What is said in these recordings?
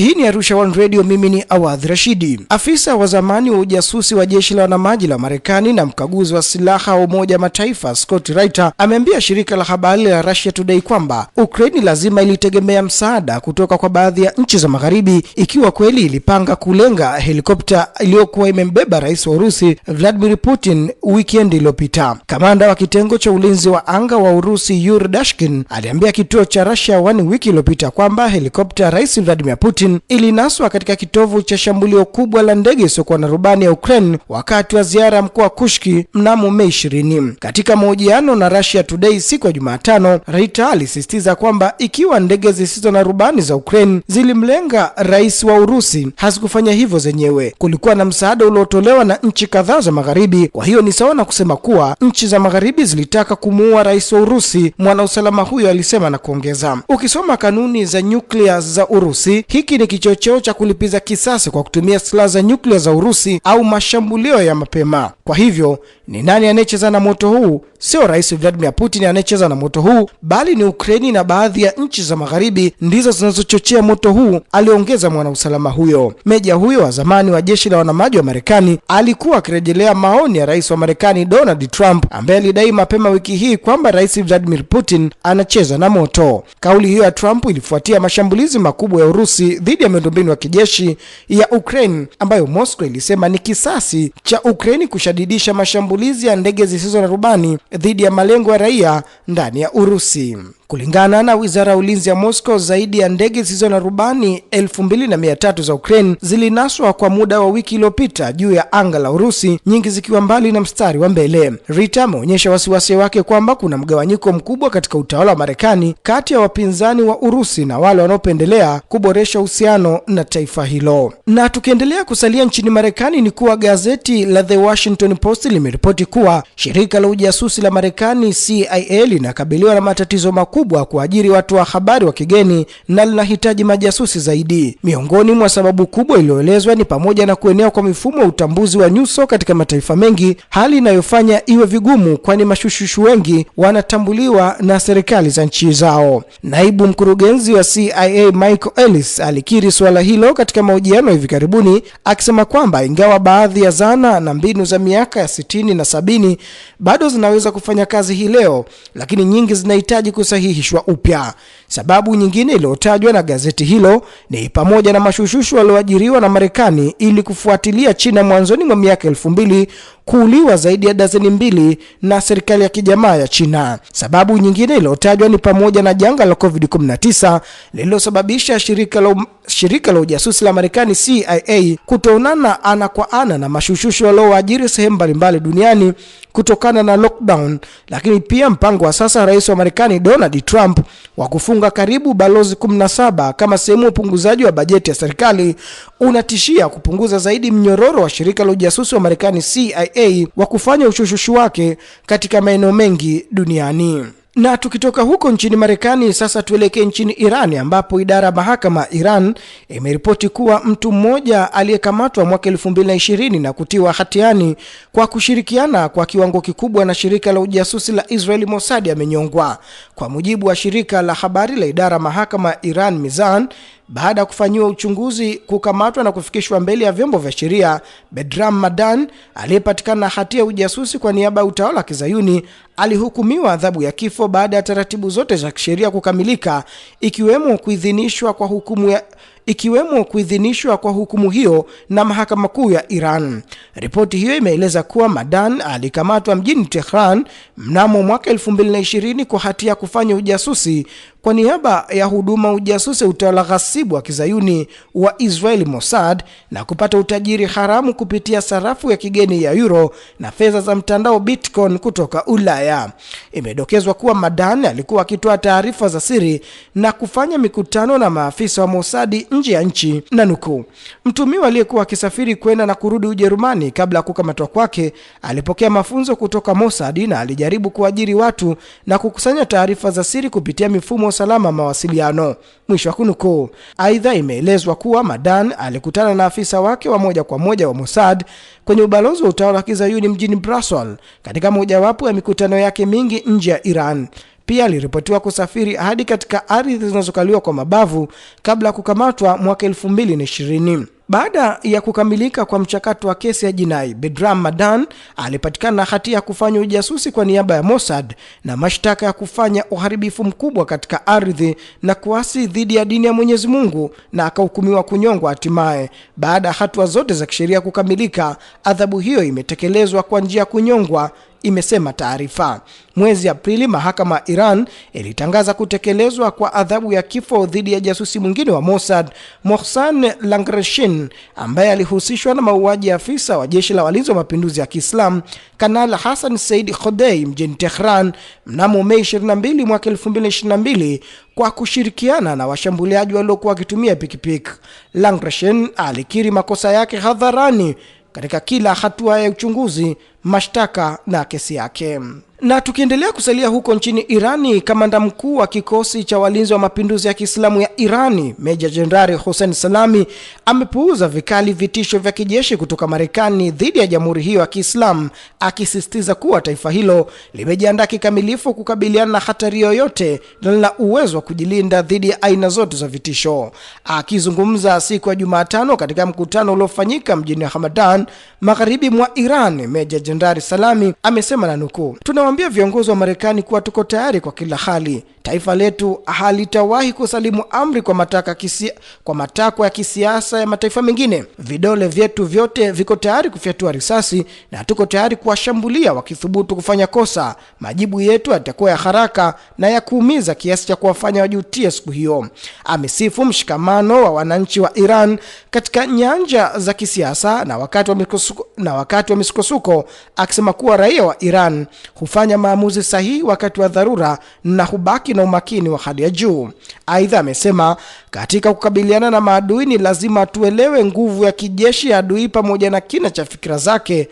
Hii ni Arusha One Radio, mimi ni Awadh Rashidi. Afisa wa zamani wa ujasusi wa jeshi la wanamaji la Marekani na mkaguzi wa silaha wa Umoja Mataifa Scott Ritter ameambia shirika la habari la Russia Today kwamba Ukraine lazima ilitegemea msaada kutoka kwa baadhi ya nchi za magharibi ikiwa kweli ilipanga kulenga helikopta iliyokuwa imembeba rais wa Urusi Vladimir Putin wikendi iliyopita. Kamanda wa kitengo cha ulinzi wa anga wa Urusi Yuri Dashkin aliambia kituo cha Russia One wiki iliyopita kwamba helikopta rais Vladimir Putin Putin ilinaswa katika kitovu cha shambulio kubwa la ndege isiyokuwa na rubani ya Ukraine wakati wa ziara ya mkoa wa Kushki mnamo Mei 20. Katika mahojiano na Russia Today siku ya Jumatano, Reuters alisisitiza kwamba ikiwa ndege zisizo na rubani za Ukraine zilimlenga rais wa Urusi, hazikufanya hivyo zenyewe. Kulikuwa na msaada uliotolewa na nchi kadhaa za magharibi, kwa hiyo ni sawa na kusema kuwa nchi za magharibi zilitaka kumuua rais wa Urusi, mwanausalama huyo alisema na kuongeza, ukisoma kanuni za nyuklia za Urusi, hiki ni kichocheo cha kulipiza kisasi kwa kutumia silaha za nyuklia za Urusi au mashambulio ya mapema. Kwa hivyo ni nani anayecheza na moto huu? Sio Rais Vladimir Putin anayecheza na moto huu, bali ni Ukraini na baadhi ya nchi za magharibi ndizo zinazochochea moto huu, aliongeza mwanausalama huyo. Meja huyo wa zamani wa jeshi la wanamaji wa Marekani alikuwa akirejelea maoni ya rais wa Marekani Donald Trump ambaye alidai mapema wiki hii kwamba Rais Vladimir Putin anacheza na moto. Kauli hiyo ya Trump ilifuatia mashambulizi makubwa ya Urusi dhidi ya miundombinu ya kijeshi ya Ukraine ambayo Moscow ilisema ni kisasi cha Ukraini kushadidisha mashambulizi mashambulizi ya ndege zisizo na rubani dhidi ya malengo ya raia ndani ya Urusi. Kulingana na wizara ya ulinzi ya Moscow, zaidi ya ndege zisizo na rubani 2300 za Ukraine zilinaswa kwa muda wa wiki iliyopita juu ya anga la Urusi, nyingi zikiwa mbali na mstari wa mbele. Rita ameonyesha wasiwasi wake kwamba kuna mgawanyiko mkubwa katika utawala wa Marekani kati ya wapinzani wa Urusi na wale wanaopendelea kuboresha uhusiano na taifa hilo. Na tukiendelea kusalia nchini Marekani, ni kuwa gazeti la The Washington Post limeripoti kuwa shirika la ujasusi la Marekani CIA linakabiliwa na matatizo makubwa kubwa kuajiri watu wa habari wa kigeni na linahitaji majasusi zaidi. Miongoni mwa sababu kubwa iliyoelezwa ni pamoja na kuenea kwa mifumo ya utambuzi wa nyuso katika mataifa mengi, hali inayofanya iwe vigumu, kwani mashushushu wengi wanatambuliwa na serikali za nchi zao. Naibu mkurugenzi wa CIA Michael Ellis alikiri suala hilo katika mahojiano hivi karibuni, akisema kwamba ingawa baadhi ya zana na mbinu za miaka ya sitini na sabini bado zinaweza kufanya kazi hii leo, lakini nyingi zinahitaji kusahihi kusahihishwa upya. Sababu nyingine iliyotajwa na gazeti hilo ni pamoja na mashushushu walioajiriwa na Marekani ili kufuatilia China mwanzoni mwa miaka elfu mbili kuuliwa zaidi ya dazeni mbili na serikali ya kijamaa ya China. Sababu nyingine iliyotajwa ni pamoja na janga la COVID-19 lililosababisha shirika la um, shirika la ujasusi la Marekani CIA kutoonana ana kwa ana na mashushushu walioajiri sehemu mbalimbali duniani kutokana na lockdown, lakini pia mpango wa sasa rais wa Marekani Donald Trump wa kufunga karibu balozi 17 kama sehemu ya upunguzaji wa bajeti ya serikali unatishia kupunguza zaidi mnyororo wa shirika la ujasusi wa Marekani CIA wa kufanya ushushushu wake katika maeneo mengi duniani. Na tukitoka huko nchini Marekani sasa tuelekee nchini Iran ambapo idara ya mahakama Iran imeripoti kuwa mtu mmoja aliyekamatwa mwaka 220 na kutiwa hatiani kwa kushirikiana kwa kiwango kikubwa na shirika la ujasusi la Israeli mosadi amenyongwa. Kwa mujibu wa shirika la habari la idara mahakama Iran Mizan, baada ya kufanyiwa uchunguzi, kukamatwa na kufikishwa mbele ya vyombo vya sheria, Bedram Madan aliyepatikana na hatia ya ujasusi kwa niaba ya utawala wa Kizayuni alihukumiwa adhabu ya kifo baada ya taratibu zote za kisheria kukamilika, ikiwemo kuidhinishwa kwa hukumu ya ikiwemo kuidhinishwa kwa hukumu hiyo na mahakama kuu ya Iran. Ripoti hiyo imeeleza kuwa Madan alikamatwa mjini Tehran mnamo mwaka 2020 kwa hatia ya kufanya ujasusi kwa niaba ya huduma ujasusi utawala ghasibu wa kizayuni wa Israeli Mossad na kupata utajiri haramu kupitia sarafu ya kigeni ya euro na fedha za mtandao Bitcoin kutoka Ulaya. Imedokezwa kuwa Madan alikuwa akitoa taarifa za siri na kufanya mikutano na maafisa wa Mossad nje ya nchi, na nukuu, mtumiwa aliyekuwa akisafiri kwenda na kurudi Ujerumani kabla ya kukamatwa kwake alipokea mafunzo kutoka Mossad na alijaribu kuajiri watu na kukusanya taarifa za siri kupitia mifumo usalama mawasiliano, mwisho wa kunukuu. Aidha, imeelezwa kuwa Madan alikutana na afisa wake wa moja kwa moja wa Mossad kwenye ubalozi wa utawala wa kizayuni mjini Brussels katika mojawapo ya mikutano yake mingi nje ya Iran. Pia aliripotiwa kusafiri hadi katika ardhi zinazokaliwa kwa mabavu kabla ya kukamatwa mwaka 2020. Baada ya kukamilika kwa mchakato wa kesi ya jinai, Bedram Madan alipatikana na hatia ya kufanya ujasusi kwa niaba ya Mossad na mashtaka ya kufanya uharibifu mkubwa katika ardhi na kuasi dhidi ya dini ya Mwenyezi Mungu na akahukumiwa kunyongwa. Hatimaye, baada ya hatua zote za kisheria kukamilika, adhabu hiyo imetekelezwa kwa njia ya kunyongwa imesema taarifa. Mwezi Aprili, mahakama ya Iran ilitangaza kutekelezwa kwa adhabu ya kifo dhidi ya jasusi mwingine wa Mossad, Mohsan Langreshin, ambaye alihusishwa na mauaji ya afisa wa jeshi la walinzi wa mapinduzi ya Kiislam Kanal Hassan Said Khodei mjini Tehran mnamo Mei 22 mwaka 2022 kwa kushirikiana na washambuliaji waliokuwa wakitumia pikipiki. Langreshin alikiri makosa yake hadharani katika kila hatua ya uchunguzi mashtaka na kesi yake. Na tukiendelea kusalia huko nchini Irani, kamanda mkuu wa kikosi cha walinzi wa mapinduzi ya Kiislamu ya Irani Meja Jenerali Hussein Salami amepuuza vikali vitisho vya kijeshi kutoka Marekani dhidi ya jamhuri hiyo ya Kiislamu, akisisitiza kuwa taifa hilo limejiandaa kikamilifu kukabiliana na hatari yoyote na lina uwezo wa kujilinda dhidi ya aina zote za vitisho. Akizungumza siku ya Jumatano katika mkutano uliofanyika mjini Hamadan, magharibi mwa Iran, Meja Jendari Salami amesema na nukuu, tunawaambia viongozi wa Marekani kuwa tuko tayari kwa kila hali Taifa letu halitawahi kusalimu amri kwa mataka kisi, kwa matakwa ya kisiasa ya mataifa mengine. Vidole vyetu vyote viko tayari kufyatua risasi na tuko tayari kuwashambulia wakithubutu kufanya kosa. Majibu yetu yatakuwa ya haraka na ya kuumiza kiasi cha kuwafanya wajutie siku hiyo. Amesifu mshikamano wa wananchi wa Iran katika nyanja za kisiasa na wakati wa misukosuko, na wakati wa misukosuko akisema kuwa raia wa Iran hufanya maamuzi sahihi wakati wa dharura na hubaki haki na umakini wa hali ya juu. Aidha, amesema katika kukabiliana na maadui ni lazima tuelewe nguvu ya kijeshi ya adui pamoja na kina cha fikira zake,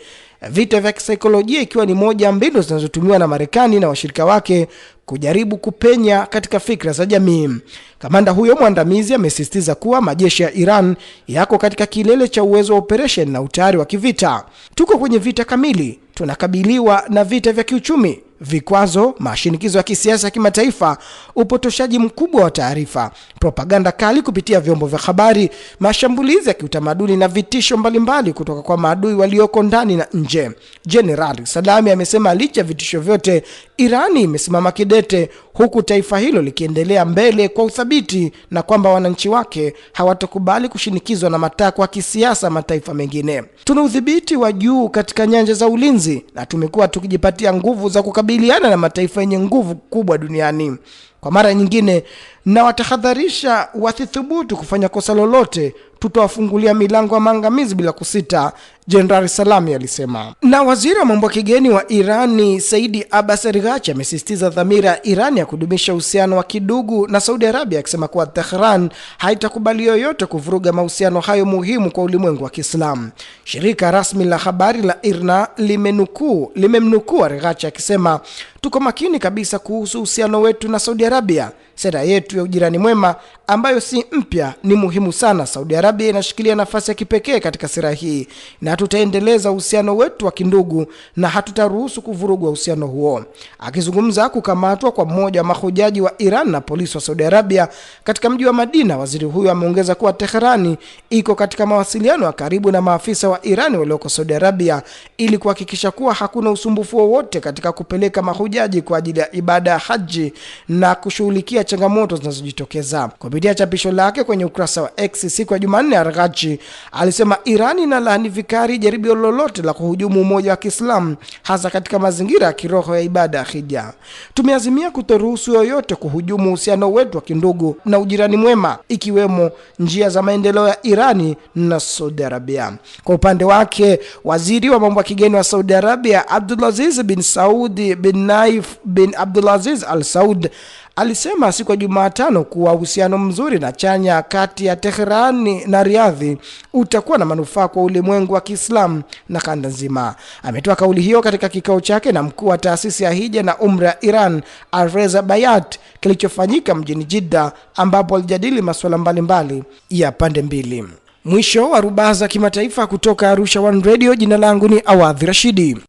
vita vya kisaikolojia ikiwa ni moja ya mbinu zinazotumiwa na Marekani na washirika wake kujaribu kupenya katika fikra za jamii. Kamanda huyo mwandamizi amesisitiza kuwa majeshi ya Iran yako katika kilele cha uwezo wa operation na utayari wa kivita. Tuko kwenye vita kamili, tunakabiliwa na vita vya kiuchumi vikwazo, mashinikizo ya kisiasa ya kimataifa, upotoshaji mkubwa wa taarifa, propaganda kali kupitia vyombo vya habari, mashambulizi ya kiutamaduni na vitisho mbalimbali kutoka kwa maadui walioko ndani na nje. Jenerali Sadami amesema licha ya vitisho vyote, Irani imesimama kidete, huku taifa hilo likiendelea mbele kwa uthabiti na kwamba wananchi wake hawatakubali kushinikizwa na matakwa ya kisiasa mataifa mengine. Tuna udhibiti wa juu katika nyanja za ulinzi na tumekuwa tukijipatia nguvu za kukabili kukabiliana na mataifa yenye nguvu kubwa duniani. Kwa mara nyingine, na watahadharisha wasithubutu kufanya kosa lolote, tutawafungulia milango ya maangamizi bila kusita, Jenerali Salami alisema. Na waziri wa mambo ya kigeni wa Irani Saidi Abbas Araghchi amesisitiza dhamira ya Irani ya kudumisha uhusiano wa kidugu na Saudi Arabia, akisema kuwa Tehran haitakubali yoyote kuvuruga mahusiano hayo muhimu kwa ulimwengu wa Kiislamu. Shirika rasmi la habari la IRNA limenukuu limemnukuu Araghchi akisema tuko makini kabisa kuhusu uhusiano wetu na Saudi Arabia. Sera yetu ya ujirani mwema ambayo si mpya ni muhimu sana. Saudi Arabia inashikilia nafasi ya kipekee katika sera hii, na tutaendeleza uhusiano wetu wa kindugu na hatutaruhusu kuvurugwa uhusiano huo. Akizungumza kukamatwa kwa mmoja wa mahujaji wa Iran na polisi wa Saudi Arabia katika mji wa Madina, waziri huyo ameongeza kuwa Teherani iko katika mawasiliano ya karibu na maafisa wa Iran walioko Saudi Arabia ili kuhakikisha kuwa hakuna usumbufu wowote katika kupeleka mahujaji kwa ajili ya ibada ya haji na kushughulikia changamoto zinazojitokeza. Kupitia chapisho lake kwenye ukurasa wa X siku ya Jumanne, Arghachi alisema Irani inalaani vikari jaribio lolote la kuhujumu umoja wa Kiislamu, hasa katika mazingira ya kiroho ya ibada ya hija. Tumeazimia kutoruhusu yoyote kuhujumu uhusiano wetu wa kindugu na ujirani mwema, ikiwemo njia za maendeleo ya Irani na Saudi Arabia. Kwa upande wake, waziri wa mambo ya kigeni wa Saudi Arabia Abdulaziz bin Saudi bin Naif bin Abdulaziz Al Saud alisema siku ya Jumatano kuwa uhusiano mzuri na chanya kati ya Teherani na Riadhi utakuwa na manufaa kwa ulimwengu wa Kiislamu na kanda nzima. Ametoa kauli hiyo katika kikao chake na mkuu wa taasisi ya hija na umra ya Iran Alreza Bayat kilichofanyika mjini Jidda, ambapo alijadili masuala mbalimbali ya pande mbili. Mwisho wa rubaa za kimataifa kutoka Arusha One Radio. Jina langu ni Awadhi Rashidi.